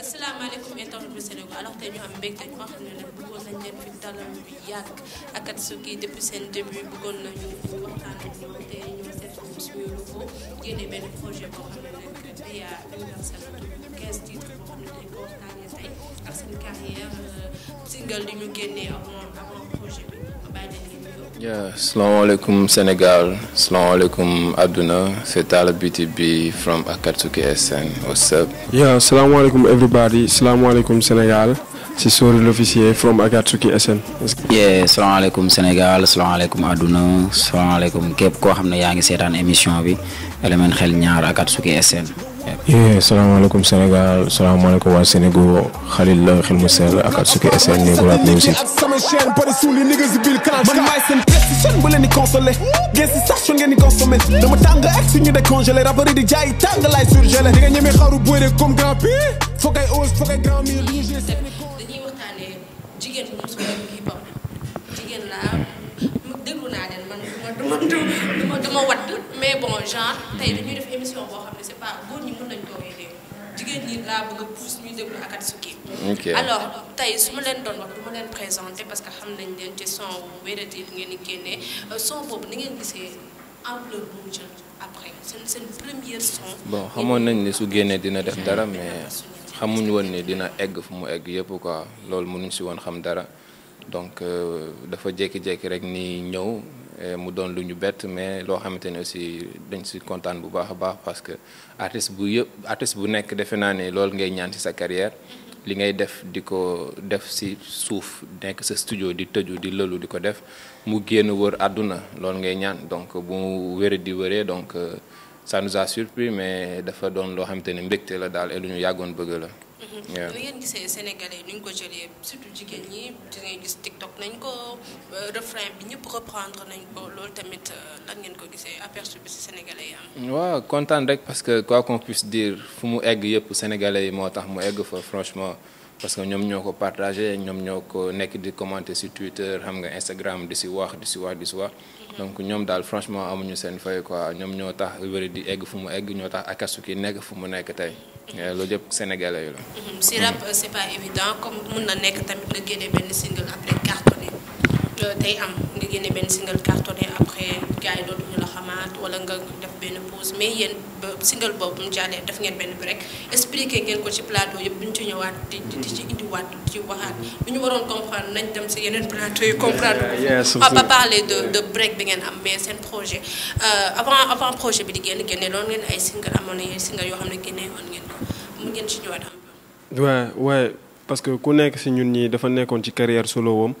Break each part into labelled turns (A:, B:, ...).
A: asalaamaaleykum état bu Sénégal alors tey ñu am mbégte ñu xam ne bëggoon nañ leen fi dalal bi yàgg ak Akatsuki depuis seen début bëggoon nañu waxtaan ak ñoom te ñu seet suñu nouveau génne benn projet boo xam ne nekk PA universel quinze titres boo
B: xam Sénégal salaamaaleykum àdduna c'est Talla Beauty Bee from Akatsuki SN
C: salaamaaleykum everybody salaamaaleykum Sénégal. ci Sori l'officier from Akatsuki
D: SN. yeah salaamaaleykum Sénégal salaamaaleykum àdduna képp koo xam ne yaa ngi seetaan émission bi Element Xel Ñaar Akatsuki SN.
E: salaamaaleykum Sénégal salaamaaleykum waa Sénégal xalil la xel mu sell ak Akatsuki SN Néegu Rap Music sama chaîne pare suuli nigga si biir clan man maay seen pesti chaîne bu leen di consolé ngeen si station ngeen di consommé dama tàng ak suñu décongelé rappari di jaay tàng laay surgelé comme grand pi foog ay ose foog ay grand mur rouge
A: dañuy waxtaane jigéen bu mosul hip hop jigéen ma du ma wadd mais bon genre tey dañuy def émission boo xam ne c'est pas góor ñi mën nañ toog yi jigéen ñi laa bëgg a pousse ñuy déglu Akatsuki su ma ngeen di euh, son boobu ni ngeen gisee ampleur bu mu après seen seen première son
B: bon xamoon nañ ni su génnee dina def dara mais xamuñ woon ni dina egg fu mu egg yëpp quoi loolu mënuñ si woon xam dara donc euh, dafa jékki-jékki rek ni ñëw Euh, mu doon lu ñu bett mais loo xamante ne aussi dañ si kontaan bu baax a baax parce que artiste bu yëpp artiste bu nekk defe naa ne loolu ngay ñaan si sa carrière li ngay def di ko def si suuf nekk sa studio di tëju di lëlu di ko def mu génn wër àdduna loolu ngay ñaan donc bu mu wére di wëree donc euh, ça nous a mais dafa doon loo xamante ne mbégte la daal et lu ñu yàggoon bëgg la.
A: waaw mm-hmm. ngeen gisee sénégalais nuñ ko jëlee surtout jigéen ñi di gis TikTok nañ ko euh, refrain bi ñëpp reprendre nañ ko loolu tamit euh, lan ngeen ko
B: gisee aperçu bi si sénégalais yi am. waaw kontaan rek parce que quoi qu'on puisse dire fu mu egg yëpp sénégalais yi moo tax mu egg fa franchement. parce que ñoom ñoo ko partagé ñoom ñoo ko nekk di commenter ci Twitter xam nga Instagram di ci wax di ci wax mm-hmm. donc ñoom daal franchement amuñu seen fay quoi ñoom ñoo tax wéri di egg fu mu egg ñoo tax Akatsuki nekk fu mu nekk tey Euh, loolu yëpp sénégalais yi la.
A: si rap c'est pas évident comme mun na nekk tamit nga génne benn single après cartonné. Euh, tey am nga génne benn single cartonné après gars yi dootuñu la xamaat wala nga def benn pause mais yéen ba single boobu mu jàllee def ngeen benn break expliqué ngeen ko ci plateau yëpp duñ ci ñëwaat di di ci indiwaat di waxaat lu ñu waroon comprendre nañ dem si yenn plateau yi comprendre ko on va parler de bi ngeen am mais projet euh, avant avant projet bi di génn génne loolu ngeen ay single amoon na ay single yoo xam ne génne woon ngeen ko mu ngeen ci ñëwaat
C: am waaw waaw parce que ku nekk si ñun ñii dafa nekkoon ci carrière solo woom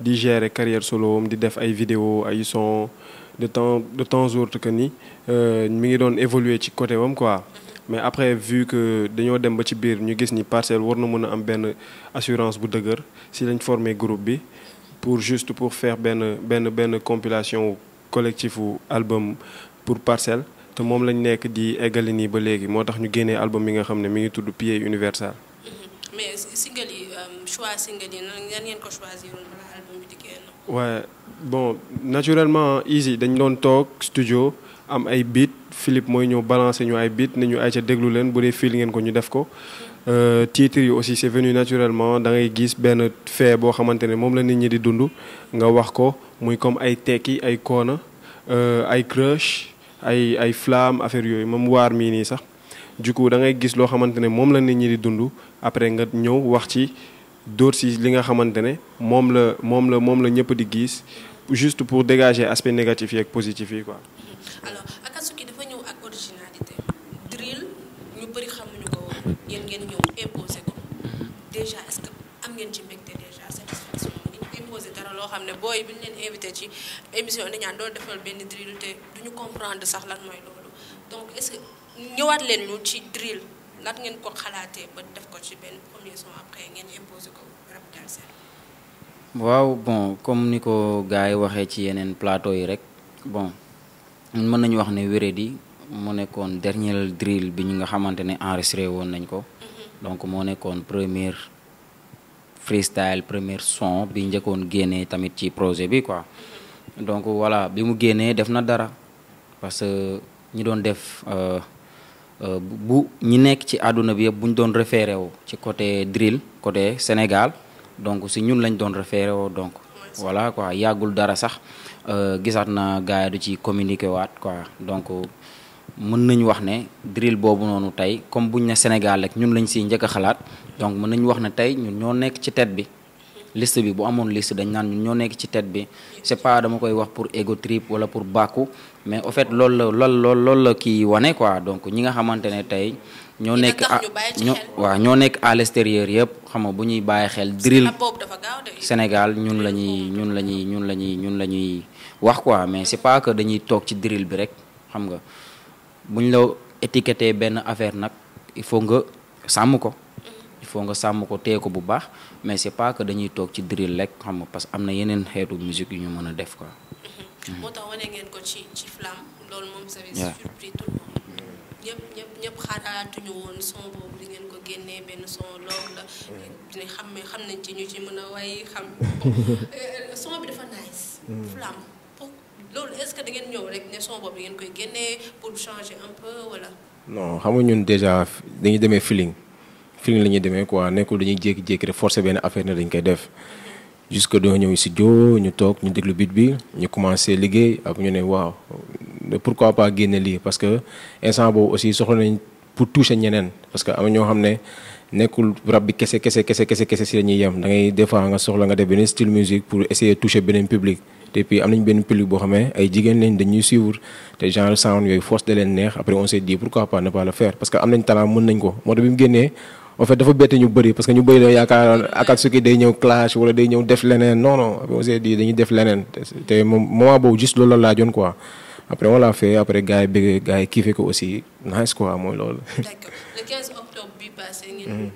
C: di gérer carrière solo am di def ay video ay son de temps de temps autre que ni euh, mi ngi doon évoluer ci côté wam quoi mais après vu que dañoo dem ba ci biir ñu gis ni parcelle war na mën a am benn assurance bu dëgër si lañ formé groupe bi pour juste pour faire benn benn benn compilation collectif ou album pour parcelle te moom lañu nekk di eggali nii ba léegi moo tax ñu génnee album yi nga xam ne mi ngi tudd Pied universal
A: mais single yi euh, choix nan ngeen ko choisir
C: balaa bon naturellement easy dañ doon toog studio am ay beat filip mooy ñëw balancer ñu ay beat ni ñu ay ca déglu leen bu dee fil ngeen ko ñu def ko. Euh, titre yi aussi c'est venu naturellement da ngay gis benn fait boo xamante ne moom la nit ñi di dund nga wax ko muy comme ay tekki ay koona euh, ay crush ay ay affaire yooyu moom waar mii nii sax. du coup da ngay gis loo xamante ne moom la nit ñi di dund après nga ñëw wax ci dóor si li nga xamante ne moom la moom la moom la ñëpp di gis juste pour dégager aspect négatif yi ak positif yi quoi. alors Akatsuki dafa ñëw ak originalité.
A: drill ñu bëri xamuñu ko woon ngeen ñëw imposé ko déjà est-ce am ngeen ci mbégte déjà satisfaction bi ñu imposé dara loo xam ne booy bi ñu leen invité ci émission dañaan doon defal benn drill te duñu comprendre sax ñëwaat leen ñu ci drill lan ngeen ko xalaatee ba def ko ci benn premier son après ngeen imposé ko rap Galsen
D: waaw bon comme ni ko gars yi waxee ci yeneen plateau yi rek bon mën nañu wax ne wéredi mu nekkoon dernier drill bi ñu nga xamante ne enregistré woon nañ ko mhm. donc moo nekkoon première freestyle première son bi njëkkoon génnee tamit ci projet bi quoi mhm. donc voilà bi mu génnee def na dara parce que ñi doon def euh, Euh, bu ñi nekk ci àdduna bi yëpp bu ñu doon référé woo ci côté drill côté Sénégal donc si ñun lañ doon référé woo donc voilà quoi yàggul dara sax euh, gisaat na gars du ci communiqué waat quoi donc mën nañu wax ne drill boobu noonu tey comme buñ ne Sénégal rek ñun lañ siy njëkk a xalaat donc mën nañu wax ne tey ñun ñoo nekk ci tête bi. liste bi bu amoon list dañ naan ñun ñoo nekk ci tête bi c'est pas dama koy wax pour ego trip wala pour bàkku mais au fait loolu la lool lool loolu la kii wane quoi donc ñi nga xamante ne tey ñoo nekk a waaw ñoo nekk à l'extérieur yëpp xam nga bu ñuy bàyyi xel drill Sénégal ñun la ñuy ñun la ñuy ñun la ñuy ñun la ñuy wax quoi mais c'est pas que dañuy toog ci drill bi rek xam nga buñ la étiqueté benn affaire nag il faut nga sàmm ko foo nga sàmm ko téye ko bu baax mais c'est pas que dañuy toog ci drill rek xam nga que am na yeneen xeetu musique yu ñu mën a def quoi.
A: Mm-hmm. moo tax wane ngeen ko ci ci loolu ko génnee benn son la. Mm. xam xam nañ ci mën a way xam. Euh, son bi dafa mm. est-ce que da ñëw rek ne son boobu
E: ngeen koy génnee pour changer un peu wala. non xam nga ñun déjà dañuy demee feeling. film la ñuy demee quoi nekkul dañuy jékki-jékki rek forcer benn affaire ne dañ koy def jusque doo ñëw studio ñu toog ñu déglu beat bi ñu commencé liggéey ak ñu ne waaw pourquoi pas génne lii parce que instant boobu aussi soxla nañ pour toucher ñeneen parce que am ñoo xam ne nekkul rab bi kese kese kese kese kese si la ñuy yem nga soxla nga def beneen style musique pour essayer toucher beneen public te am nañ benn public boo xamee ay jigéen lañ dañuy suivre te genre sound yooyu force da leen neex après on s'est dit pourquoi pas ne pas le faire parce que am nañ talent ko en fait dafa bette ñu bëri parce que ñu bëri dañu yaakaar Akatsuki day ñëw clash wala day ñëw def leneen non non on dañuy def leneen te moom moment boobu juste loolu la laajoon quoi après on l'a après gars yi bëgg gars yi ko aussi nice quoi mooy loolu. d'accord
A: octobre bi passé. Mhm. Euh,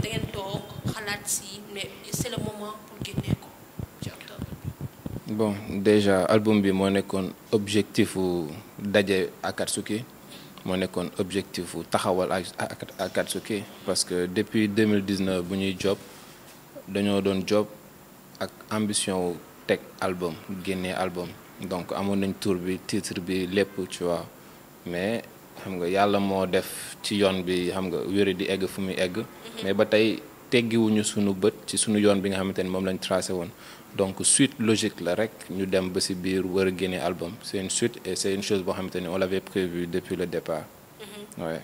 A: ngeen toog xalaat si mais c'est le moment pour génne.
B: bon déjà album bi moo nekkoon objectif u daje Akatsuki moo nekkoon objectif wu taxawal ak Akatsuki parce que depuis 2019 bu ñuy job dañoo doon job ak ambition wu teg album génnee album donc amoon nañ tour bi titre bi lépp tu vois mais xam nga yàlla moo def ci yoon bi xam nga wéri di egg fu muy egg mm-hmm. mais ba tey teggiwuñu sunu bët ci sunu yoon bi nga xamante ne moom lañ tracé woon donc suite logique la rek ñu dem ba ci biir war a génne album c'est une suite et c'est une chose boo xamante ni on l'avait prévu depuis le départ mm-hmm. ouais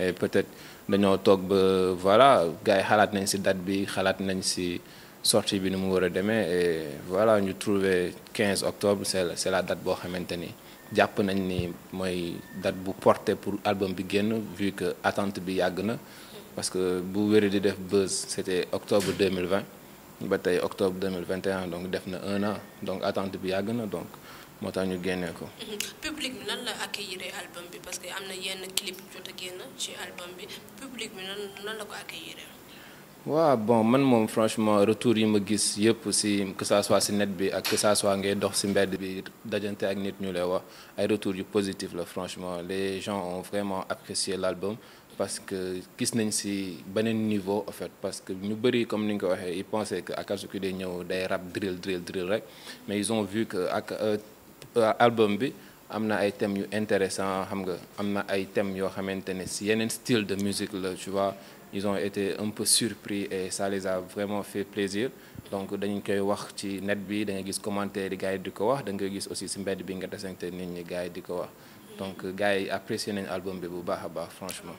B: et peut-être dañoo toog ba voilà gars yi xalaat nañ ci date bi xalaat nañ ci sortie bi ni mu war a demee et voilà ñu trouvé 15 octobre c'est la c'est la date boo xamante ni jàpp nañ ni mooy date bu porté pour album bi génn vu que attente bi yàgg na mm-hmm. parce que bu wéri di def buzz c'était octobre 2020 ba tey octobre 2021 donc def na un an donc attente bi yàgg na donc moo tax ñu génnee ko.
A: Mhm. public bi nan la accueillir album bi parce que am na yenn clip jot a génn ci album bi public bi nan la ko accueillir.
B: waaw bon man moom franchement retour yi ma gis yëpp si que ça soit si net bi ak que ça soit ngay dox si mbedd bi dajante ak nit ñu lay wax ay retour yu positif la franchement les gens ont vraiment apprécié l'album parce que gis nañ si beneen niveau en fait parce que ñu bëri comme ni nga ko waxee ils pensaient que Akatsuki day ñëw day rap drill rek mais ils ont vu ak euh, euh, album bi am na ay thèmes yu intéressant xam nga am na ay thèmes yoo xamante ne si yeneen style de musique la tu vois ils ont été un peu surpris et ça les a vraiment fait plaisir donc dañu koy wax ci net bi da gis commentaire yi gars yi di ko wax da nga gis aussi si mbedd bi nga desante nit ñi gars yi di ko wax donc gars yi apprécié nañu album bi bu baax a baax franchement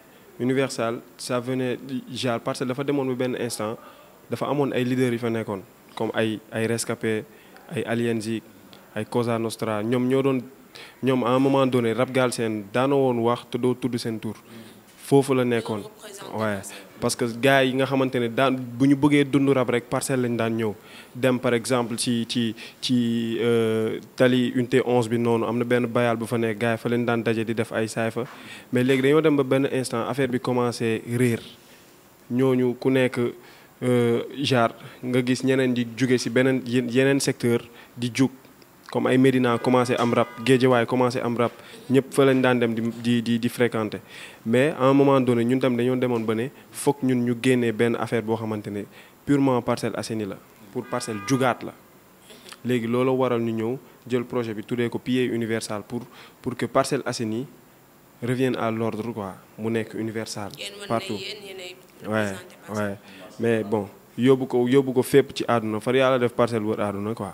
C: Universal sa venait genre parce que dafa demoon ba benn instant dafa amoon ay leaders yu fa nekkoon comme ay ay rescapé ay Alienzi ay Cosa Nostra ñoom ñoo doon ñoom à un moment donné rap Galsen daana woon wax te doo tudd seen tour mm. foofu la nekkoon waaye parce que gars yi nga xamante ne daan bu ñu bëggee dund rab rek parcelle lañ daan ñëw dem par exemple ci ci ci euh, tali unité 11 bi noonu am na benn bayal bu fa nekk gars yi fa lañ daan daje di def ay saay fa mais léegi dañoo dem ba benn instant affaire bi commencé réer ñooñu ku nekk euh, genre nga gis ñeneen di juge si beneen yeneen secteur di jug. comme ay Médina commencé am rab rap Guédiawaye commencé am rab ñëpp fa lañ daan dem di di di di fréquenter mais en un moment donné ñun tamit dañoo demoon ba ne foog ñun ñu génne benn affaire boo xamante ne purement parcelle Assainies la pour parcelle jugaat la léegi loolu waral ñu ñëw jël projet bi tuddee ko pied universal pour pour que parcelle Assainies revienne à l'ordre quoi mu nekk universal partout waaye waaye mais bon yóbbu ko yóbbu ko fépp ci àdduna far yàlla def parcelle wër àdduna quoi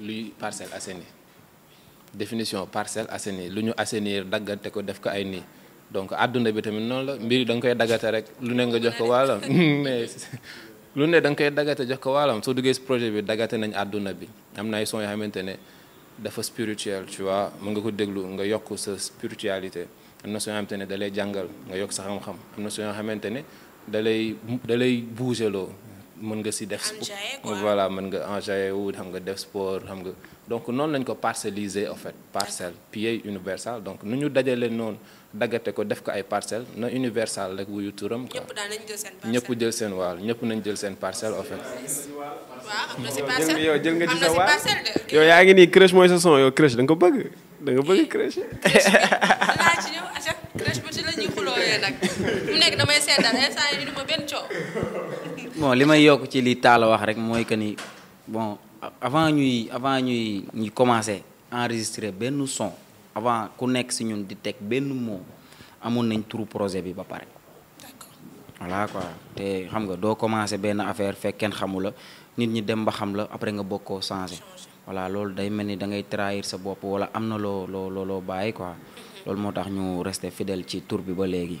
B: luy Parcelles Assainies définition Parcelles Assainies lu ñu assainir daggante ko def ko ay nii donc àdduna bi tamit noonu la mbir da nga koy daggate rek lu ne nga jox ko waalam lu ne danga koy daggate jox ko waalam soo duggee si projet bi daggate nañu àdduna bi am na ay son yoo xamante ne dafa spirituel tu vois mën nga ko déglu nga yokk sa spiritualité am na soo xamante ne da lay jàngal nga yokk sa xam-xam am na soo xamante ne da lay da lay bougeloo mën nga si def voilà mën nga enjaillé wu xam nga def sport xam nga donc noonu lañ ko parcelliser en fait parcelle pied universal donc nu ñu dajale noonu daggate ko def ko ay parcelle na universal rek wuyu turam quoi ñëpp jël seen waal ñëpp nañ jël seen parcelle en fait yow yaa ngi nii crèche mooy sa son yow crèche da nga ko bëgg
D: danga nga bëgg
A: crèche crèche bu ci la ñuy nag mu nekk damay seetaan instant yi du benn coow
D: bon li may yokk ci li taala wax rek mooy que ni bon avant ñuy avant ñuy ñuy commencer enregistrer benn son avant ku nekk si ñun di teg benn mot amoon nañ turu projet bi ba pare. voilà quoi te xam nga doo commencer benn affaire fekk kenn xamu la nit ñi dem ba xam la après nga bokk koo changer voilà loolu day mel ni da ngay trahir sa bopp wala am na loo loo loo bàyyi quoi mm-hmm. loolu moo tax ñu rester fidèle ci tur bi ba léegi.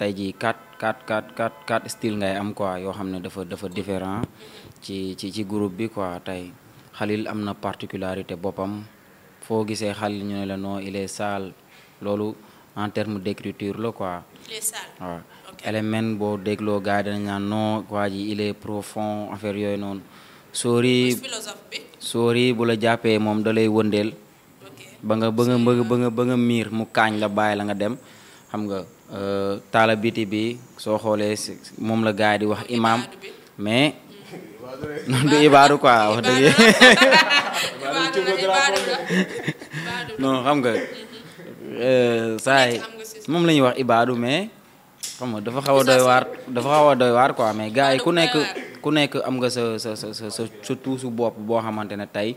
D: tey jii quatre quatre quatre quatre quatre style ngay am quoi yoo xam ne dafa dafa différent ci ci ci groupe bi quoi tey Khalil am na particularité boppam foo gisee Khalil ñu ne la non il est sale loolu en terme d'écriture la quoi. il boo dégloo gars yi danañ naan non waa ji il profond affaire yooyu noonu. sóori sóori bu la jàppee moom da lay wëndeel. ba nga ba nga ba nga ba nga miir mu kaañ la bàyyi la nga dem xam nga. Euh, taala biti bi soo xoolee moom la gaa yi di wax imaam mais non du ibaadu quoi wax dëgg non xam nga mhm. euh, saay moom la ñuy wax ibaadu mais xam nga dafa xaw a doy waar dafa xaw a doy waar quoi mais gars yi ku nekk ku nekk am nga sa sa sa sa sa tuusu bopp boo xamante ne tey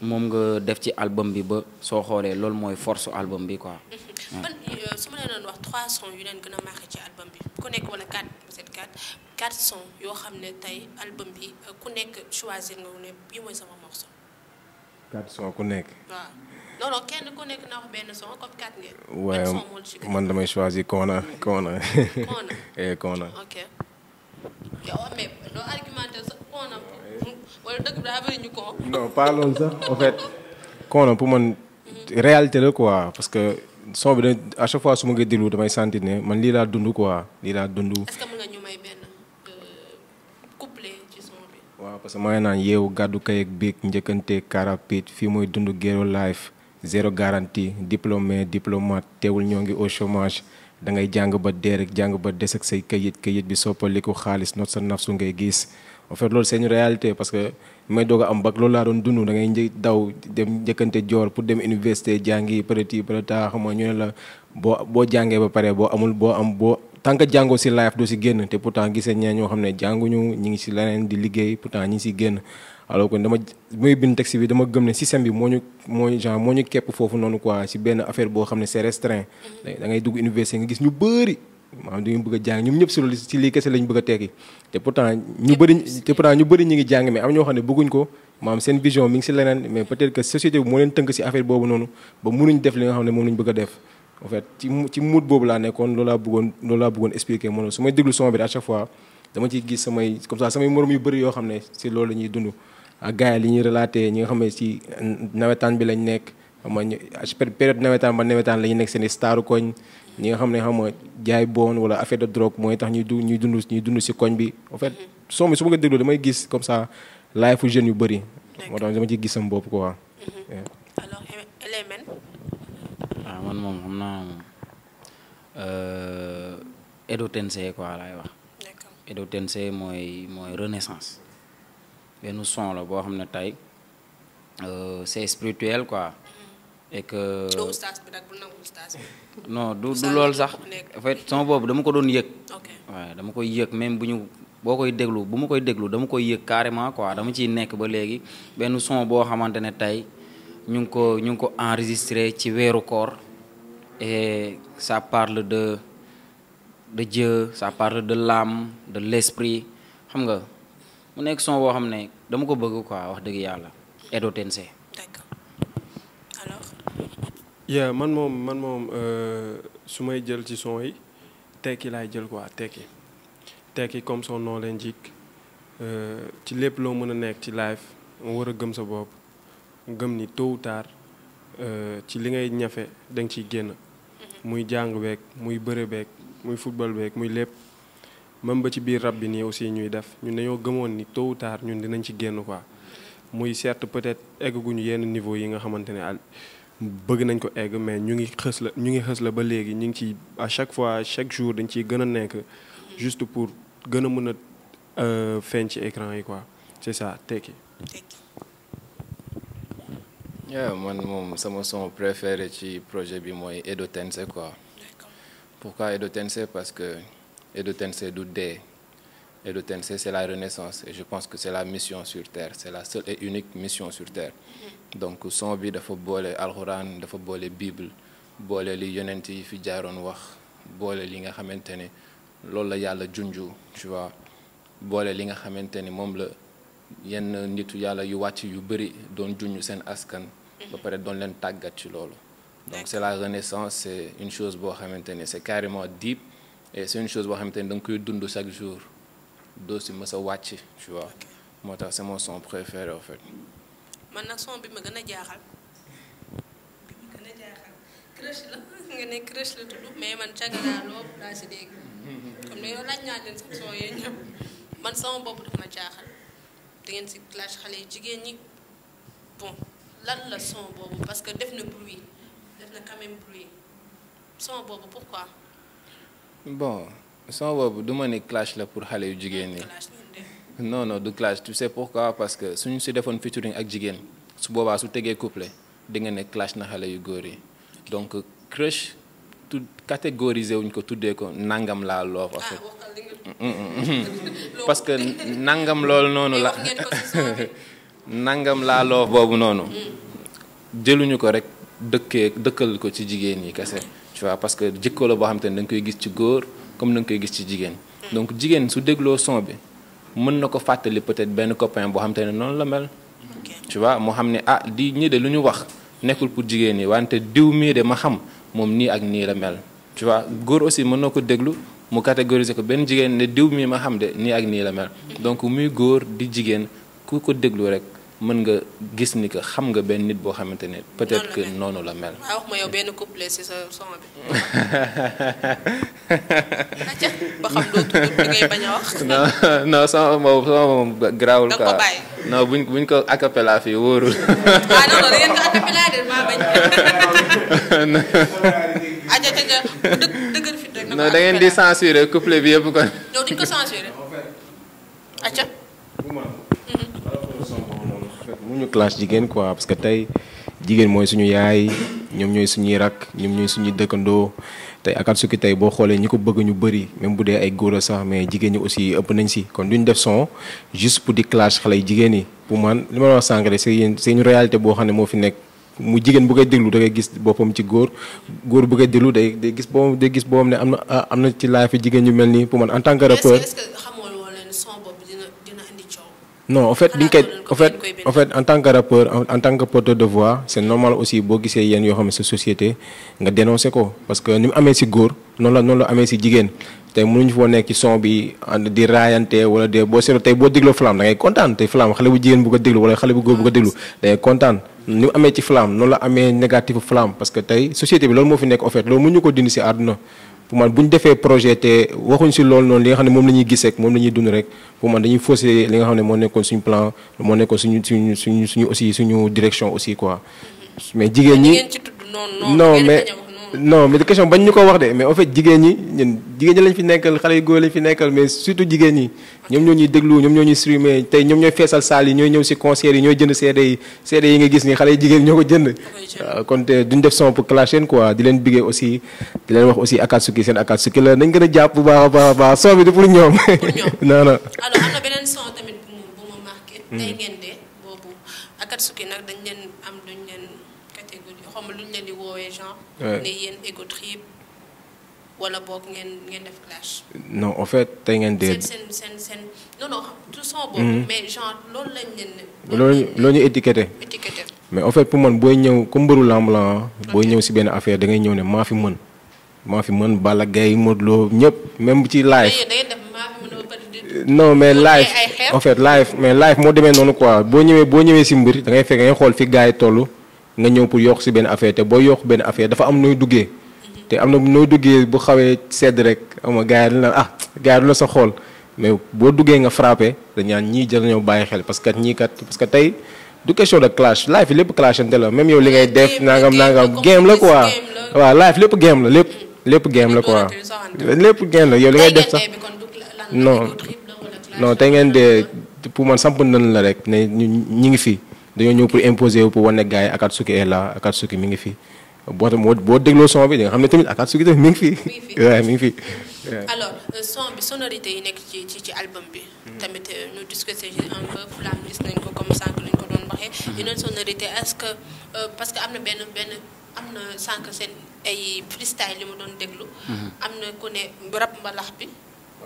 D: moom nga def ci album bi ba soo xoolee loolu mooy force album bi quoi
A: mhm. ban mm. euh, su ma leen doon wax trois sons yu leen gën a marqué ci album bi ku nekk wala quatre peut-être quatre quatre sons yoo xam ne tey album bi euh, ku nekk choisir nga ne bii mooy sama morceau.
E: quatre sons ku nekk.
A: waaw non kenn ku nekk na wax benn son comme quatre
E: ngeen. waaye man damay choisir Koona mm. eh, ko. sax en fait Koona pour man mm-hmm. réalité la quoi parce que. son bi à chaque fois su ma koy déglu damay sentir ne man lii laa dund quoi lii laa dund. est euh, parce que maa ngi naan yeewu gàddu kay ak biig njëkkante karapit fii mooy dund géro life zéro garantie diplômé diplomate teewul ñoo ngi au chomage da ngay jàng ba dee rek jàng ba des ak say kayit kayit bi soppaliku xaalis not sa naf su ngay gis. en fait loolu c'est réalité parce que may doog a am bac loolu laa doon dund da ngay një daw dem njëkkante joor pour dem université jàngi përëti përëta xam nga ñu ne la boo boo jàngee ba pare boo amul boo am boo tant que jàngoo si life doo si génn te gisee ñee ñoo xam ne jànguñu ñi ngi si leneen di liggéey pourtant ñi ngi si génn alors kon dama muy bind texte bi dama gëm ne système bi moo ñu moo ñu genre moo ñu képp foofu noonu quoi si benn affaire boo xam ne c'est restreint mm-hmm. da ngay dugg université nga gis ñu bëri maanaam dañu bëgg a jàng ñoom ñëpp si lii kese lañ bëgg a tekki te pourtant ñu bëri ñu ngi jàng mais am ñoo xam ne bëgguñ ko maanaam seen vision mi ngi si leneen mais peut-être que société bi moo leen tënk si affaire boobu noonu ba mënuñ def li nga xam ne moom lañ bëgg a def en fait ci ci boobu laa nekkoon loolu laa bëggoon expliquer moom su may déglu son à chaque fois dama ciy gis samay comme ça samay morom yu bëri yoo xam ne si loolu la ñuy dund ak gars nga xam ne si nawetaan bi lañ nekk xam nga période nawetaan ba nawetaan la ñu nekk seen i staru ñi nga xam ne xam nga jaay boon wala affaire de drogue mooy tax ñuy ñuy dund ñuy dund si koñ bi en fait mm-hmm. son bi su ma ko dégloo damay gis comme ça live jeunes
D: yu bëri. moo dama ciy gis sama bopp mm-hmm. ah, man moom xam naa moom euh, Edo Tensei quoi laay wax. Edo mooy mooy renaissance. benn son la boo xam ne tey euh, c'est spirituel quoi. Mm-hmm. et que non du du sax en fait boobu dama ko doon yëg waaw dama koy yëg même bu ñu boo koy déglu bu ma koy déglu dama koy yëg carrément quoi dama ciy nekk ba léegi benn son boo xamante ne tey ñu ngi ko ñu ngi ko enregistré ci weeru koor et ça parle de de Dieu ça parle de l'âme de l'esprit xam nga mu nekk son boo xam ne dama ko bëgg quoi wax dëgg yàlla Edo Tensé
C: yeah man moom man moom euh, su may jël ci son yi tekki laay jël quoi tekki tekki comme son nom l'indique euh, ci lépp loo mën a nekk ci live war a gëm sa bopp gëm ni tôt ou tard euh, ci li ngay ñafe da nga ciy génn. Mm-hmm. muy jàng beeg muy bëre beeg muy football beeg muy lépp même ba ci biir rab bi nii aussi ñuy def ñu ne dañoo gëmoon ni tôt ou tard ñun dinañ ci génn quoi mm-hmm. muy certes peut-être eggaguñu yenn niveau yi nga xamante ne bëgg nañ ko egg mais ñu ngi xës la ñu ngi xës la ba léegi ñu ngi ci à chaque fois chaque jour dañ ciy gën a nekk juste pour gën a mën a euh, feeñ ci écran yi quoi c'est ça tekki.
B: waaw man moom sama son préféré ci projet bi mooy Edo Tensei quoi. pourquoi Edo Tensei parce que Edo Tensei du dee. Et le TNC, c'est la renaissance. Et je pense que c'est la mission sur Terre. C'est la seule et unique mission sur Terre. Mm-hmm. donc son bi dafa boole alxuraan dafa boole bible boole li yonent yi fi jaaroon wax boole li nga xamante ne loolu la yàlla junju tu vois boole li nga xamante ni moom la yenn nitu yàlla yu wàcc yu bëri doon junju seen askan. ba mm-hmm. pare doon leen tàggat ci loolu. donc c'est la renaissance c'est une chose boo xamante ne c'est carrément deep et c'est une chose boo xamante ne da nga koy dund chaque jour. doo si mës a wàcc tu moo tax c'est mon son préféré en
A: man nag son bi ma gën a jaaxal ma gën a jaaxal crush la nga ne crush la tudd mais man cagala loo laa si dégg comme ne si clash xale yi jigéen ñi bon parce que def na bruit def na quand même son boobu pourquoi.
B: bon. son boobu du ma ni clash la pour xale yu jigéen ñi. non non du clash tu sais pourquoi parce que suñu si defoon featuring ak jigéen su boobaa su tegee couplet di nga ne clash na xale yu góor yi donc crush tout catégoriser wuñ ko tuddee ko nangam laa loof parce que nangam loolu noonu la nangam laa loof boobu noonu jëluñu ko rek dëkkee dëkkal ko ci jigéen yi kase tu parce que jikko la boo xam te ne da nga koy gis ci góor comme na nga koy gis ci jigéen donc jigéen su dégloo son bi mën na ko fàttali peut-être benn copain boo xam te ne noonu la mel tu vois moo xam ne ah di ñii de lu ñu wax nekkul pour jigéen ñi wante diw mii de ma xam moom nii ak nii la mel tu vois góor aussi mën na ko déglu mu catégoriser ko benn jigéen ne diw mii ma xam de nii ak nii la mel donc muy góor di jigéen ku ko déglu rek mën nga gis ni que xam nga benn nit boo xamante ne peut-être que noonu la mel. Ah, wax sama moom sama moom garaawul ko bàyyi non buñ buñ ko acapella fii wóorul. ah non ko acapella de maa bañ.
A: aja aja dë
B: dëgër fit rek. non da di censurer couplet bi yëpp kon.
A: ñoo duñ ko censurer. acca.
E: bu ñu clash jigéen quoi parce que tey jigéen mooy suñu yaay ñoom ñooy suñuy rak ñoom ñooy suñuy dëkkandoo tey Akatsuki tey boo xoolee ñi ko bëgg ñu bëri même bu dee ay góor a sax mais jigéen ñi aussi ëpp nañ si kon duñ def son juste pour di clash xale yi jigéen ñi pour man li ma la wax sànq rek c'est réalité boo xam ne moo fi nekk mu jigéen bu koy déglu da ngay gis boppam ci góor góor bu koy déglu day day gis boppam ne am na ah, ci laay fi jigéen non en fait bi ñu koy en fait en fait en tant que rappeur en tant que porteur de voix c'est normal aussi boo gisee yéen yoo xam ne sa société nga dénoncé ko parce que ni mu amee ci góor noonu la noonu la amee ci jigéen tey mënuñu foo nekk ci son bi di raayante wala de boo seetlu tey boo dégloo flamme da kontaan tey flamme xale bu jigéen bu ko déglu wala xale bu góor bu ko déglu da ngay kontaan ni mu amee ci flamme noonu la amee négatif flamme parce que tey société bi moo fi nekk en fait ko dindi ci àdduna pour man bu ñu defee projet te waxuñ si loolu noonu li nga xam ne moom la ñuy gis rek moom la ñuy dund rek pour man dañuy fausser li nga xam ne moo nekkoon suñu plan moo nekkoon suñu suñu suñu suñu aussi suñu direction aussi quoi mais jigéen ñi non mais non mais question bañ ñu ko wax de mais en jigéen ñi ñun jigéen ñi lañ fi nekkal xale yu góor lañ fi nekkal mais surtout jigéen ñi ñoom ñoo ñuy déglu ñoom ñoo ñuy streamer tey ñoom ñooy feesal saal ñooy ñëw si concert yi ñooy jënd CD yi CD yi nga gis ni xale yu jigéen ñoo ko jënd waaw kon te duñ def son pour clash leen quoi di leen biggee aussi di leen wax aussi Akatsuki seen Akatsuki la nañ gën a jàpp bu baax a baax baax son bi du pour ñoom non non
A: am na beneen son tamit bu mu bu hmm. tey ngeen de boobu Akatsuki nag dañ fait égo ngeen ngeen def mm-hmm. loolu lañ
E: leen. ñu étiqueté. mais en pour man booy ñëw comme mbëru làmb la ah, booy ñëw si benn affaire da ngay ñëw ne maa fi mën. maa fi mën Balla Gaye Modou Lo ñëpp même ci live. Euh, non mais live en fait live mais live moo demee noonu quoi boo ñëwee boo ñëwee si mbir da ngay fekk ngay xool fi gars yi toll. nga ñëw pour yokk si benn affaire te boo yokk benn affaire dafa am nooy duggee te am na nooy duggee bu xawee sedd rek am nga gars yi ah gars yi la sa xool mais boo duggee nga frappé dañ ñaan ñii jar nañoo bàyyi xel parce que ñii kat parce que tey du question de clash life lépp clashante la même yow li ngay def nangam nangam game la quoi waaw life lépp game la lépp lépp game la quoi lépp game la yow li ngay def sax non non tey ngeen dee pour man samp nan la rek ñu ngi fii dañoo ñëw pour imposer wu pour wane gars yi Akatsuki est là Akatsuki mi ngi fi boo tam boo dégloo son bi di nga xam ne tamit Akatsuki tamit mi ngi fi. waaw ngi fi.
A: Euh, ci ci ci album bi. Mm-hmm. tamit ñu euh, discuter un peu flamme gis nañ comme sànq lañ ko doon waxee. yeneen mm-hmm. sonorité est-ce que euh, parce que am na benn benn am na sànq seen ay freestyle li mu doon déglu. Mm-hmm. am na ku ne rab mbalax bi.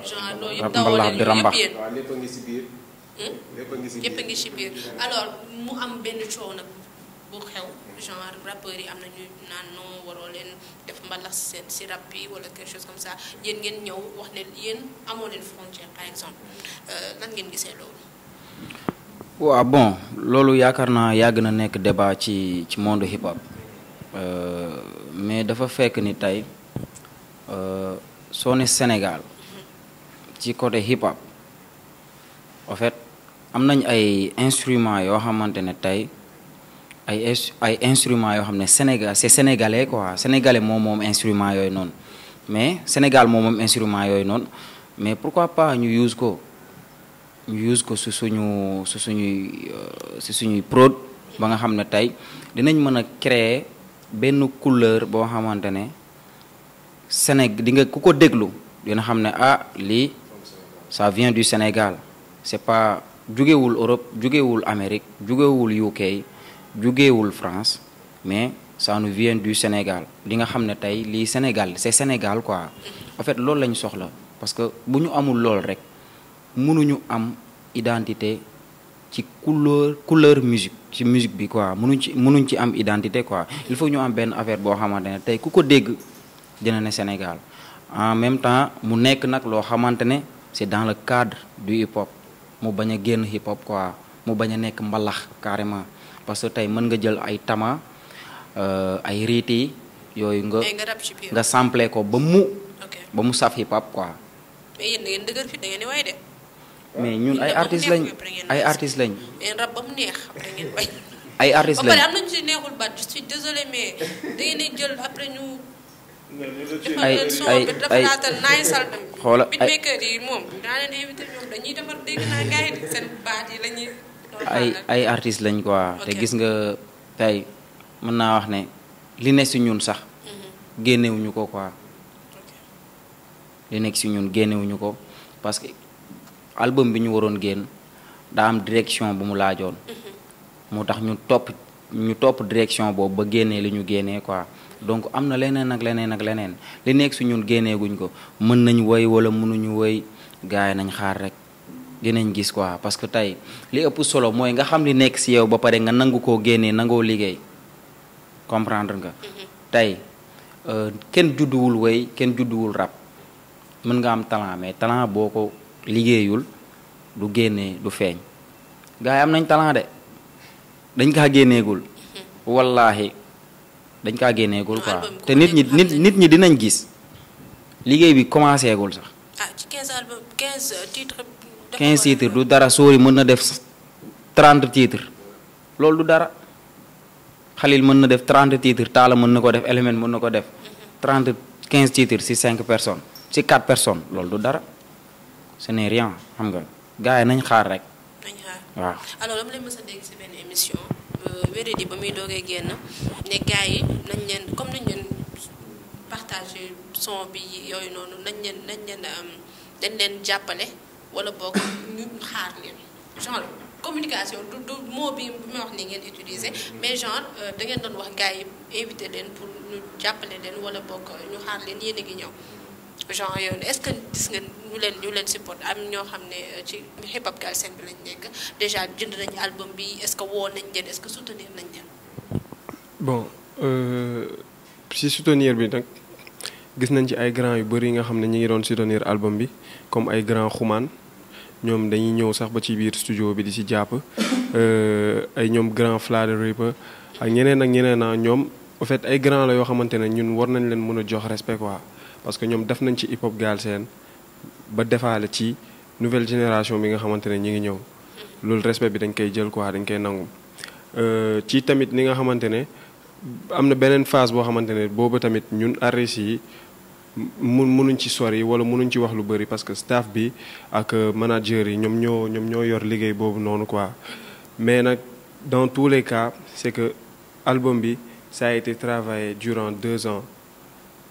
A: genre loolu yëpp rab mbalax bi ramba. yëpp hmm? a ngi si biir alors mu am benn coow nag bu xew genre rappeurs yi am na ñu naan non waroo leen def mbalax seen si rap yi wala chose comme ça yéen ngeen ñëw wax ne yéen amoo leen frontière par exemple euh, lan ngeen gisee loolu.
D: waaw bon loolu yaakaar naa yàgg na nekk débat ci ci monde hip hop euh, mais dafa fekk ni tey euh, soo ne Sénégal hmm. ci côté hip hop en am nañ ay instruments yoo xamante ne tey ay ay instruments yoo xam ne Sénégal c'est sénégalais quoi sénégalais moom moom instruments yooyu noonu mais Sénégal moom moom instruments yooyu noonu mais pourquoi pas ñu use ko ñu use ko su suñu su suñuy euh, su suñuy prod ba nga xam ne tey dinañ mën a créer benn couleur boo xamante ne Séné di nga ku ko déglu dina xam ne ah lii sa vient du Sénégal c'est pas jugewul Europe jugewul Amérique jugewul UK jugewul France mais ça nous vient du Sénégal li nga xam ne tey lii Sénégal c'est Sénégal quoi en fait loolu lañu soxla parce que bu ñu amul lool rek mënuñu am identité ci couleur couleur musique ci musique bi quoi mënuñ ci mënuñ ci am identité quoi il faut ñu am benn affaire boo xamante ne tey ku ko dégg dina ne Sénégal en même temps mu nekk nag loo xamante ne c'est dans le cadre du hip-hop mu bañ a génn hip hop quoi mu bañ a nekk mbalax carrément parce que tey mën nga jël ay tama euh, ay riiti yooyu nga nga sample ko ba mu ba mu saf hip hop quoi mais ñun ay artistes lañ ay artistes lañ
A: rab ba mu neex da ngeen waay ay artistes lañ ba pare jël après ñu ay ay ay xoola ay ay
D: ay lañ quoi te gis nga tey mën naa wax ne li nekk si ñun sax mm-hmm. génnewuñu ko quoi li nekk si ñun génnewuñu ko parce que album bi ñu waroon génn daa am direction bu mu laajoon mm-hmm. moo tax ñu topp ñu topp direction boobu ba génnee li ñu génnee quoi donc am na leneen ak leneen ak leneen li nekk su ñun génneeguñ ko mën nañ woy wala mënuñu woy gars nañ xaar rek dinañ gis quoi parce que tey li ëpp solo mooy nga xam li nekk si yow ba pare nga nangu koo génnee nangoo liggéey comprendre nga. Mm-hmm. tey euh, kenn judduwul woy kenn judduwul rap mën nga am talent mais talent boo ko liggéeyul du génnee du feeñ gars am nañ talent de dañ kaa génneegul mm-hmm. wallaahi. dañ kaa génneegul quoi te nit ñi nit nit ñi dinañ gis liggéey bi commencé gul sax. ah ci euh, titres. Euh, du dara Sori mën na def trente titres loolu du dara xalil mën na def 30 titres Talla mën na ko def Element mën na ko def 30 mhm. 15 titres ci cinq personnes ci 4 personnes loolu du dara ce xam nga gars nañ xaar rek. waaw
A: wéradi ba muy doogee génn ne gars yi nañ leen comme nañ leen partagé son bi yooyu noonu nañ leen nañ leen euh, dañ leen jàppale wala boog ñu xaar leen genre communication du du moo bi bi ma wax ni ngeen utiliser mais genre euh, da ngeen doon wax gars yi invité leen pour ñu jàppale leen wala boog ñu xaar leen yéen a ngi ñëw genre yooyu est-ce que gis nga ñu leen support am ñoo xam ne euh, ci hip hop Galsen bi lañ nekk déjà jënd nañu album bi est-ce
C: euh, bi nag gis nañ ci ay grands yu bëri yi nga xam ne ñu ngi doon soutenir album bi comme ay grand xumaan ñoom dañuy ñëw sax ba ci biir studio bi di ci jàpp euh, ay ñoom grand Fla Ripper ak ñeneen ak ñeneen ah, ñoom en fait ay grand la yoo xamante ne ñun war nañ leen mën a jox respect quoi. parce que ñoom def nañ ci hip hop Galsen ba defaale ci nouvelle génération bi nga xamante ne ñi ngi ñëw loolu respect bi dañ koy jël quoi dañ koy nangu euh, ci tamit ni nga xamante ne am na beneen phase boo xamante ne boobu tamit ñun artistes yi mun munuñ ci sori wala munuñ ci wax lu bëri parce que staff bi ak euh, manager yi ñoom ñoo ñoom ñoo yor liggéey boobu noonu quoi mais nag dans tous les cas c'est que album bi ça a été travaillé durant deux ans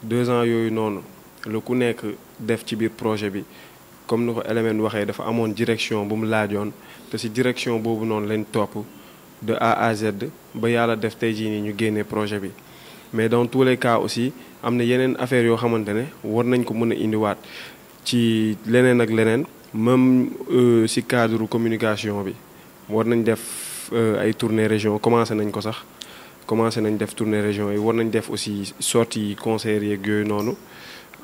C: deux ans yooyu noonu la ku nekk def ci biir projet bi comme ni ko Element waxee dafa amoon direction bu mu laajoon te si direction boobu noonu lañ topp de A à Z ba yàlla def tey jii ñu génnee projet bi mais dans tous les cas aussi am na yeneen affaires yoo xamante ne war nañ ko mën a indiwaat ci leneen ak leneen même euh, si cadre communication bi war nañ def euh, ay tournée région commencé nañ ko sax commencé nañ def tournée région yi war nañ def aussi sortie concert yooyu noonu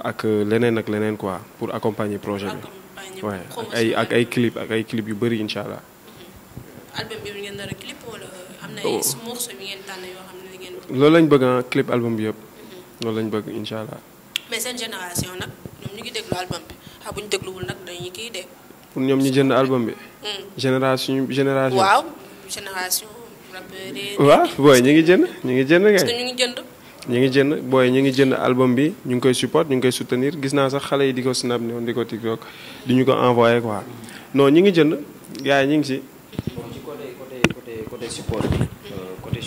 C: ak leneen ak leneen quoi pour accompagner projet bi. waaye ak ay ak ay clip ak ay clip yu bëri incha allah.
A: Mm-hmm. album bi ngeen am oh.
C: loolu lañ bëgg ah clip album bi yëpp. Mm-hmm. loolu lañ bëgg incha allah.
A: mais seen génération nag ñoom ñu ngi déglu album bi ah dégluwul nag dañuy kii de.
C: pour ñoom ñu jënd album bi. Mm. génération génération waaw
A: génération. waaw
C: booy ñu ngi jënd ñu ngi jënd kay. ñu ngi jënd. ñu ngi jënd booy ñu ngi jënd album bi ñu ngi koy support ñu ngi koy soutenir gis naa sax xale yi di ko snap ne woon di ko tiktok di ñu ko envoyé quoi non ñu ngi jënd gars ñu ngi si. bon ci
D: côté côté bi euh, côté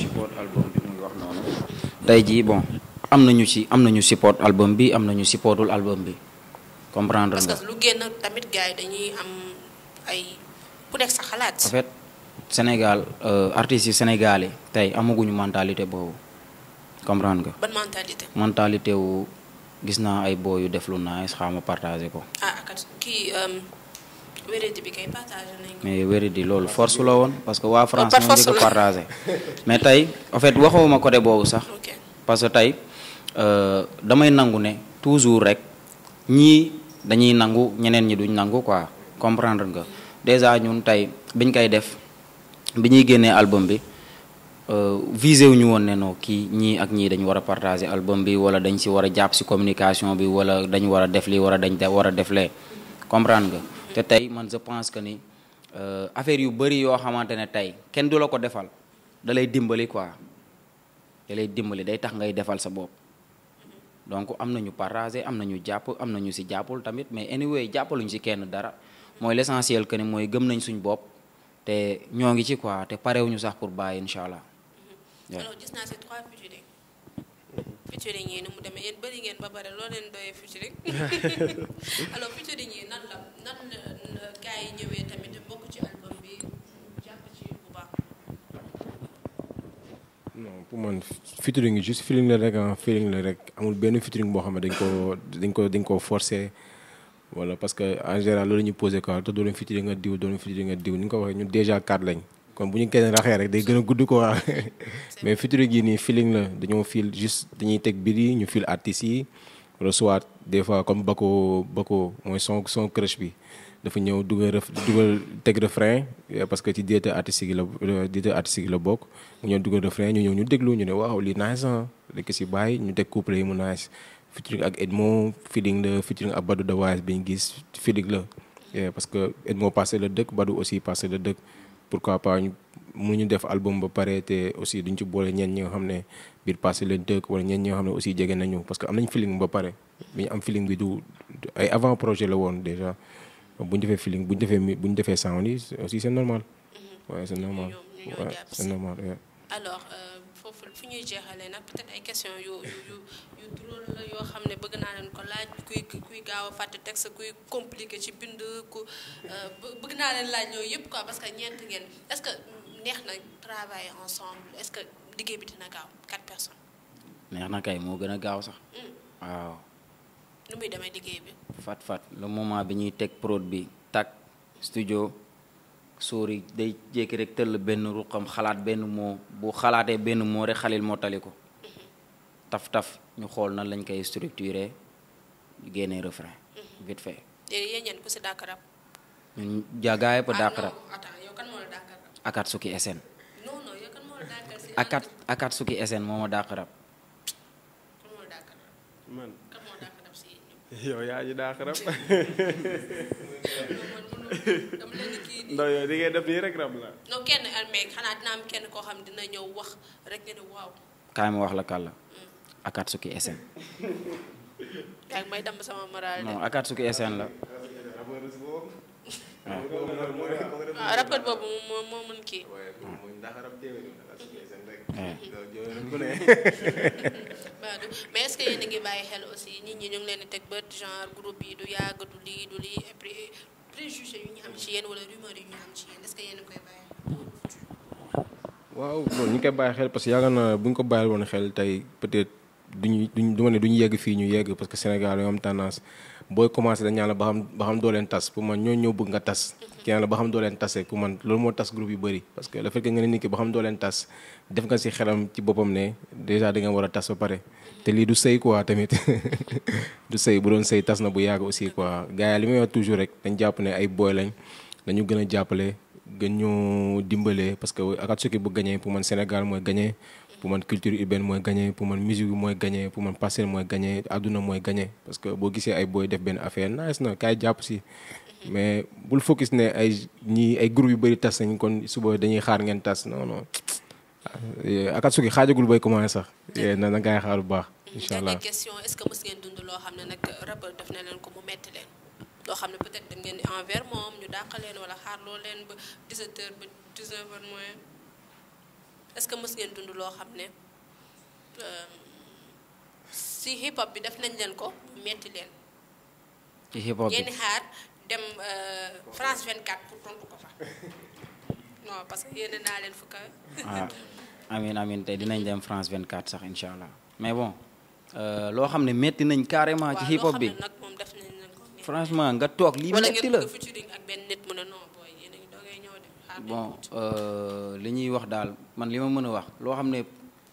D: support album bi muy wax jii bon am nañu ci am nañu support album bi am nañu supportul album bi comprendre nga. parce
A: lu génn tamit gars dañuy am ay ku sa xalaat. en fait
D: Sénégal euh, artistes yi sénégalais tey amaguñu mentalité boobu comprendre nga. mentalité. wu gis naa ay boo yu def lu naay xaama partagé ko. mais wéridi loolu force la woon parce que waa France ñoo di ko partagé mais tey en fait waxuma côté boobu sax. parce que tey euh, damay nangu ne toujours rek ñii dañuy nangu ñeneen ñi duñ nangu quoi comprendre nga déjà ñun tey biñ koy def. bi ñuy génnee album bi euh, visé wu woon ne noo kii ñii ak ñii dañu war a partager album bi wala dañ si war a jàpp si communication bi wala dañ war a def lii wala dañ war a def lee comprendre nga te tey man je pense que ni euh, affaire yu bëri yoo xamante ne tey kenn du la ko defal da lay dimbali quoi da lay dimbali day tax ngay defal sa bopp donc am nañu ñu partager am nañu jàpp am nañu si jàppul tamit mais anyway jàppaluñ si kenn dara mooy l'essentiel que ni mooy gëm nañ suñ bopp. te ñoo ngi ci quoi te parewuñu sax pour bàyyi incha allah. Mm-hmm. alors
A: gis naa si trois featuring. yi ni mu demee yéen bëri ngeen ba pare loo leen doyee featuring alors featuring yi nan la nan la ñëwee tamit bokk ci album bi jàpp ci bu baax.
E: non pour man featuring yi juste la rek ah feeling la rek amul benn featuring boo xam ne dañ ko dañ ko dañ koo forcer. voilà parce que en général loolu la ñuy posé quoi te doo leen fitiri nga diw doo leen nga diw ni nga ko waxee ñun déjà quatre lañ kon bu ñu kenn raxee rek day gën a gudd quoi mais fitiri gii nii feeling la dañoo fil juste dañuy teg biir yi ñu fiil artistes yi wala soit des fois comme Bako Bako mooy son son crush bi dafa ñëw dugal dugal teg refrain euh, parce que ci diété artistique yi la euh, diété artistique yi la bokk mu ñëw dugal refrain ñu ñëw ñu déglu ñu ne waaw lii nice ah léegi si ñu teg couplet yi featuring ak Edmo featuring la featuring ak Badou de Wise bi ñu gis featuring la parce que Edmo passé la dëkk Badou aussi passé la dëkk pourquoi pas ñu mu ñu def album ba pare te aussi duñ ci boole ñeen ñi nga xam ne biir passé la dëkk wala ñenn ñi nga xam ne aussi jege nañu parce que am nañ feeling ba pare bi am feeling bi du ay avant projet la woon déjà bu ñu defee feeling bu ñu defee bu ñu defee sound yi aussi c'est normal. waaye mm-hmm. c'est normal waaye c'est normal
A: alors. Euh, foofu fu ñuy jeexalee nag peut ay question yu yu yu drôle la yoo xam ne bëgg naa leen ko laaj kuy kuy gaaw a fàtte texte kuy compliqué ci bind ku euh, bëgg naa leen laaj yooyu yëpp ko parce que ñeent ngeen est-ce que neex na travailler ensemble est-ce que liggéey bi dina gaaw quatre personnes.
D: neex na kay moo gën a gaaw sax. Mm. waaw.
A: nu muy demee liggéey bi.
D: fat fat le moment bi ñuy teg prod bi tak studio. sóori day jékki rek tëll benn ruqam xalaat benn moo bu xalaatee benn moo rek xalil moo ko taf-taf ñu xool na lañ koy structuré génnee refrain vite fait.
A: yéen ku dàq rap.
D: ñun jaagaay ba dàq rap. Ah, Akatsuki SN.
A: non non
C: yow dàq rap. ndaw yooyu li def nii rek rab la.
A: non kenn euh, mais xanaa dina am kenn koo xam dina ñëw wax rek nga ne waaw.
D: kaay ma wax la kàlla. Hmm. Akatsuki SN. yaa ngi la.
E: waaw ah, boobu
A: moo mun kii.
E: Eh. mais
A: est-ce ngi bàyyi xel aussi nit ñi ñu leen teg bët genre groupe yi du yàgg du lii du lii et préjugé yu ñu xam ci yéen wala rumeur waaw
E: ñu koy bàyyi xel parce que bu ñu ko bàyyil woon xel tey peut-être ñu duñ du ma ne duñu yegg fii ñu yegg parce que Sénégal yoo am tendance booy commencé dañ ñaan la ba xam ba xam doo leen tas pour man ñoo ñëw bëgg nga tas ki ñaan la ba xam doo leen tasee pour man loolu moo tas groupe yu bëri parce que le fait que nga ne nit ba xam doo leen tas nga si xelam ci boppam ne déjà da nga war tas ba pare te lii du sëy quoi tamit du sëy bu doon sëy tas na bu yàgg aussi quoi gars yi li may wax toujours rek dañ jàpp ne ay booy lañ dañu gën a jàppale gën ñoo dimbalee parce que Akatsuki bu gagné pour man Sénégal mooy gagné pour man culture urbaine mooy gagné pour man musique bi mooy gagné pour man passer mooy gagné àdduna mooy gagné parce que boo gisee ay booy def benn affaire nice na kaay jàpp si mais bul focus ne ay ñii ay groupe yu bëri tas nañ kon suba dañuy xaar ngeen tas non non ah, Akatsuki xaajagul bay commencé sax eh, na na ngay xaar bu baax incha allah
A: question est-ce loo xam ne def na leen ko mu metti leen loo xam ne peut dem ngeen envers moom ñu dàq leen wala xaar loo ba 17 heures ba est-ce que mës ngeen dund loo xam ne euh, si hip hop bi daf nañ leen ko metti leen.
D: ci hip hop bi ngeen
A: xaar dem euh, France 24 pour tontu ko fa parce que yéene naa leen fukk. waaw
D: ah, amiin amiin dinañ dem France 24 sax incha allah mais bon euh, loo xam ne metti nañ carrément. ci hip hop bi franchement nga toog lii metti la bon euh, li ñuy wax daal man li ma mën a wax loo xam ne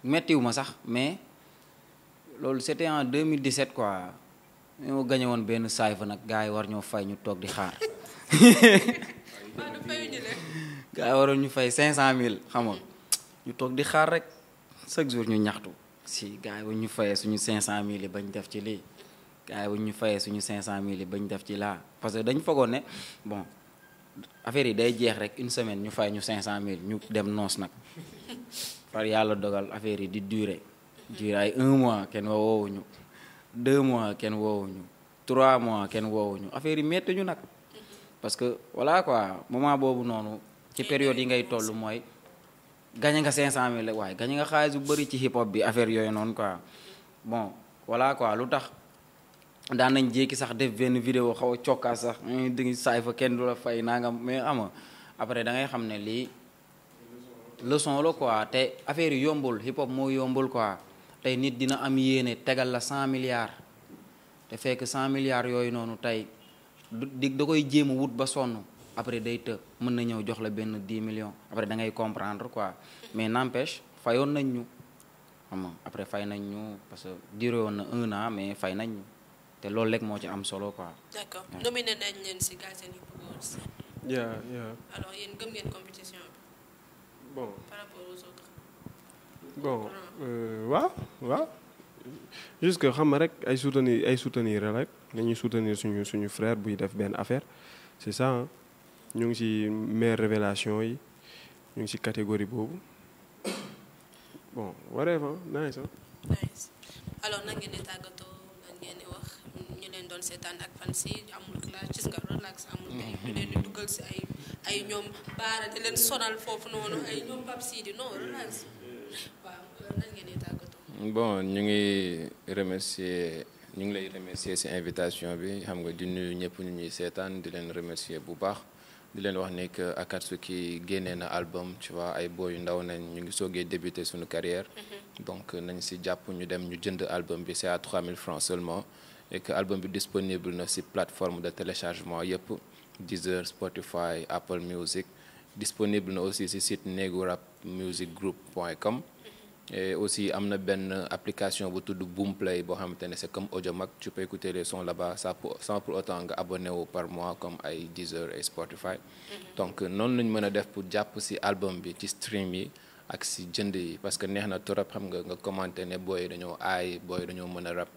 D: méttiwu ma sax mais loolu c'était en 2017 quoi ñoo gagné woon benn saay fa nag gars yi war ñoo fay ñu toog di xaar. gars ñu fay 500000 xam nga ñu toog di xaar rek chaque jour ñu ñaxtu si gars yi bu ñu fayee suñu 500000 yi bañ def ci lii gars yi bu ñu fayee suñu 500000 yi bañ def ci laa parce que dañ foogoon ne bon. affaire yi day jeex rek une semaine ñu fay ñu 500000 ñu dem noos nag par yàlla dogal affaire yi di durer durer ay un mois kenn woowuñu deux mois kenn woowuñu trois mois kenn woowuñu affaire yi métti ñu nag parce que voilà quoi moment boobu noonu ci période yi ngay toll mooy gañe nga cinq cent mille waaye gañe nga xaalis bu bëri ci hip hop bi affaire yooyu noonu quoi bon voilà quoi lu tax. daan nañ jékki sax def benn vidéo xaw a cokkaas sax eh, di saay fa kenn du la fay naa nga mais ama après da xam ne lii leçon la quoi te affaire yi yombul hip hop moo yombul quoi tey nit dina am yéene tegal la cent milliards te fekk cent milliards yooyu noonu tey di da koy jéema wut ba sonn après day të mën na ñëw jox la benn dix million après da ngay comprendre quoi mais n'empêche fayoon nañ ñu xam nga après fay nañ ñu parce que duré na un naa mais fay nañ ñu te loolu rek moo ci am solo quoi.
A: d'accord nominé nañ leen si Galsen Youth Awards. yaa yaa. alors yéen gëm ngeen compétition bi. bon par rapport aux autres. bon
C: euh, waaw waaw. juste que xam nga rek ay soutenir ay soutenir rek nañuy soutenir suñu suñu frère buy def benn affaire c'est ça ñu ngi ci meilleure révélation yi ñu ngi ci catégorie boobu bon waree fa nice. nice
A: alors nan ngeen di tàggatoo doon seetaan ak fan si amul classe gis nga relax amul mhm. ay ñu si ay ñoom baara di leen sonal foofu noonu ay ñoom pap siidi non relax
B: bon ñu ngi remercier ñu ngi lay remercier si invitation bi xam nga di nuyu ñëpp ñu ñuy seetaan di leen remercier bu baax di leen wax ni que ki génnee na album tu vois ay booy yu ndaw nañ ñu ngi soogee débuter suñu carrière mhm. donc nañ si jàpp ñu dem ñu jënd album bi c'est à mille francs seulement et que album bi disponible na si plateforme de téléchargement yëpp Deezer Spotify Apple Music disponible na aussi ci site néegu rap music group point com aussi am na benn application bu tudd Boomplay boo xamante ne c'est comme Audiomack tu peux écouter les sons là-bas sans pour sans nga abonné par mois comme ay Deezer et Spotify. Mm-hmm. donc noonu lañ mën a def pour jàpp si album bi ci stream yi. ak si jënd yi parce que neex na trop xam nga nga commenté ne booy dañoo aay booy dañoo mën a rap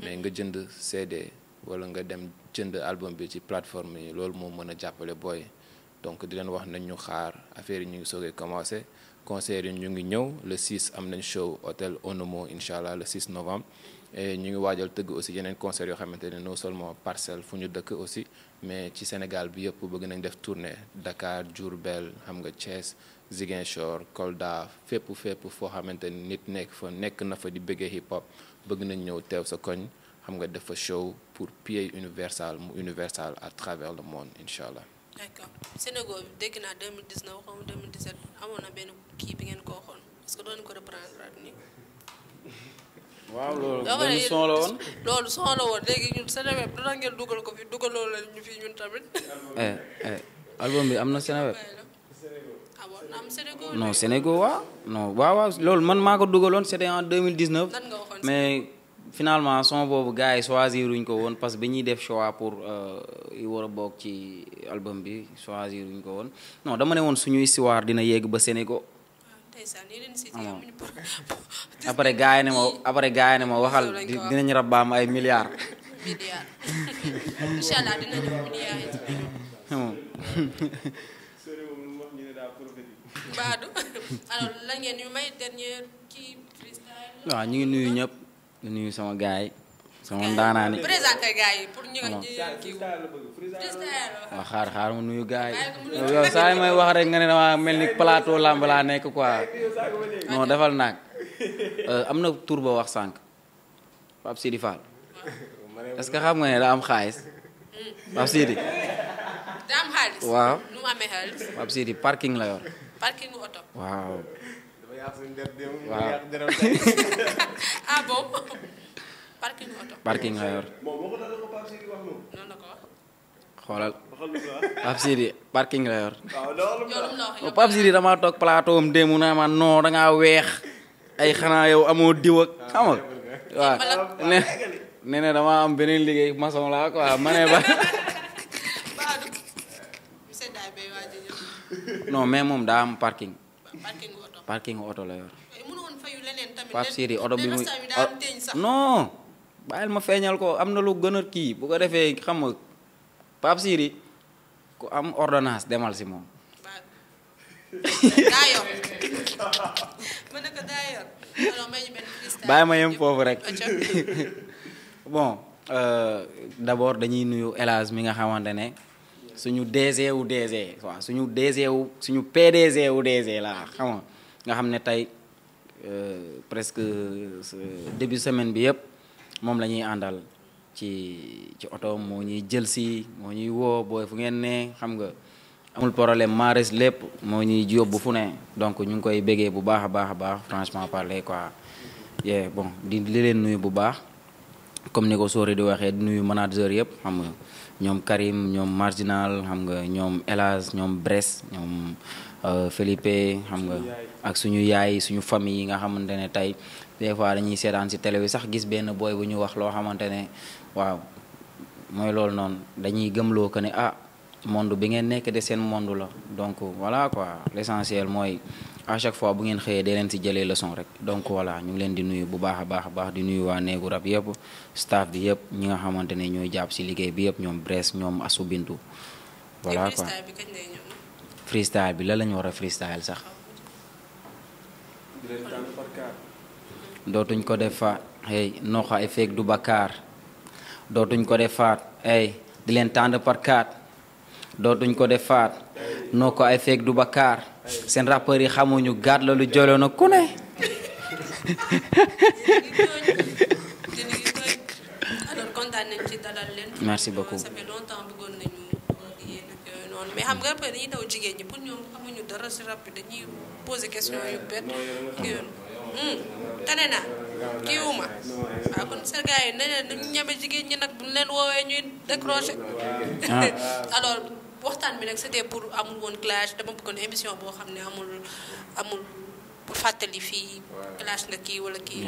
B: mais nga jënd CD wala nga dem jënd album bi ci plateforme yi loolu moo mën a jàppale booy donc di leen wax nañ ñu xaar affaire yi ñu ngi soogee commencé concert yi ñu ngi ñëw le 6 am nañ show hôtel Onomo incha allah le 6 novembre e ñu ngi waajal tëgg aussi yeneen concert yoo xamante ne non seulement parcelle fu ñu dëkk aussi mais ci Sénégal bi yëpp bëgg nañ def tournée Dakar Diourbel xam nga Thiès Ziguinchor Kolda fépp fépp foo xamante ni nit nekk fa nekk na fa di bëggee hip hop. bëgg nañ ñëw teew sa koñ xam nga dafa show pour pied universal mu universal à travers le monde incha allah.
A: Sénégal dégg naa amoon na benn kii bi ngeen ko waxoon est-ce que doon ko reprendre at nii.
B: waaw
D: loolu
A: son la woon loolu son la woon léegi ñun Seneweb dina ngeen dugal ko fi dugaloo la fi ñun tamit. Eh,
D: eh, album bi am na Seneweb. non Sénégal waaw waaw waaw loolu man maa ko dugaloon c'était en 2019 mais finalement son boobu gars yi choisir wuñ ko woon parce que bi ñuy def choix pour euh, war a ci album bi choisir wuñ ko woon non dama ne woon suñu histoire dina yegg ba Sénégal ah, après gars yi ne ma après gars yi ne ma ay milliards milliards waaw ñu ngi nuyu ñëpp di nuyu sama gars yi sama ndaanaan yi. xaar xaar mu nuyu gars yi. saa may wax rek nga ne dama mel ni palaato làmb laa nekk ko non defal naag euh, am na tur ba wax sànq Pape Sidi Fall est-ce que xam nga ne da am xaalis hmm. Pape Sidi.
A: waaw nu mu amee xaalis. Pape Sidi parking la yor. parking bu oto. waaw. waaw. Ah
D: xoolal Pape Sidi parking plateau am naa ma non danga weex ay xanaa yow amoo diw ak ah, xam nga waaw nee na damaa am beneen liggéey maçon laa quoi ma ne non mais moom daa am parking. parking oto la yor. Eh, Pape oto bi muy non bàyyil ma feeñal ko am na lu gën a kii bu ko defee xam nga Pape ku am ordonnance demal si moom. bàyyi ma yem foofu rek bon euh, d'abord dañuy nuyu El Hadj mi nga xamante ne. suñu DG wu DG waaw suñu DG wu suñu PDG wu DG la xam nga xam ne tey euh, presque euh, début semaine bi yëpp moom la ñuy àndal ci ci oto moo ñuy jël si moo ñuy woo booy fu ngeen ne xam nga amul problème maaris lépp moo ñuy yóbbu fu ne donc ñu ngi koy bégee bu baax a baax a baax franchement parler quoi yeah bon di li leen nuyu bu baax comme ni ko Sori di waxee di nuyu manager yëpp xam nga ñoom Karim ñoom Marginal xam nga ñoom Elas ñoom Bress ñoom euh, Felipe xam nga ak suñu yaay suñu famille yi nga xamante ne tey des fois dañuy seetaan si télé bi sax gis benn booy bu ñu wax loo xamante ne waaw mooy loolu noonu dañuy gëmloo que ne ah monde bi ngeen nekk de seen monde la donc voilà quoi l'essentiel mooy à chaque fois bu ngeen xëyee dee leen si jëlee leçon rek donc voilà ñu ngi leen di nuyu bu baax a baax a baax di nuyu waa néegu rab yëpp staff bi yëpp ñi nga xamante ne ñooy jàpp si liggéey bi yëpp ñoom Bress ñoom Assou Bintou voilà quoi freestyle bi la lañu war a freestyle sax dootuñ ko defaat hey noxa ay feeg du bakkaar dootuñ ko defaat ay di leen tànd par quatre dootuñ ko def faat noo ko ay feeg du bakkaar seen rappeurs yi xamuñu gaat la lu joloo na ku ne
A: merci beaucoup mais xam nga rappeurs yi daw jigéen ñi pour ñoom amuñu dara si rap dañuy poser question yu bett tane ah. na kii kon seen gars ne leen ñeme jigéen ñi nag bu ñu leen woowee ñuy décrocher alors waxtaan bi nag c'était pour amul woon clash dama bëggoon émission boo xam ne amul amul fàttali fii. clash nga kii wala kii.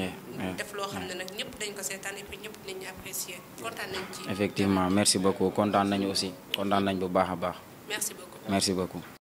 A: def loo xam ne nag ñëpp dañ ko seetaan et puis ñëpp dinañu apprécier kontaan nañ ci.
D: effectivement merci beaucoup kontaan nañu aussi kontaan nañ bu baax a baax. merci beaucoup merci beaucoup.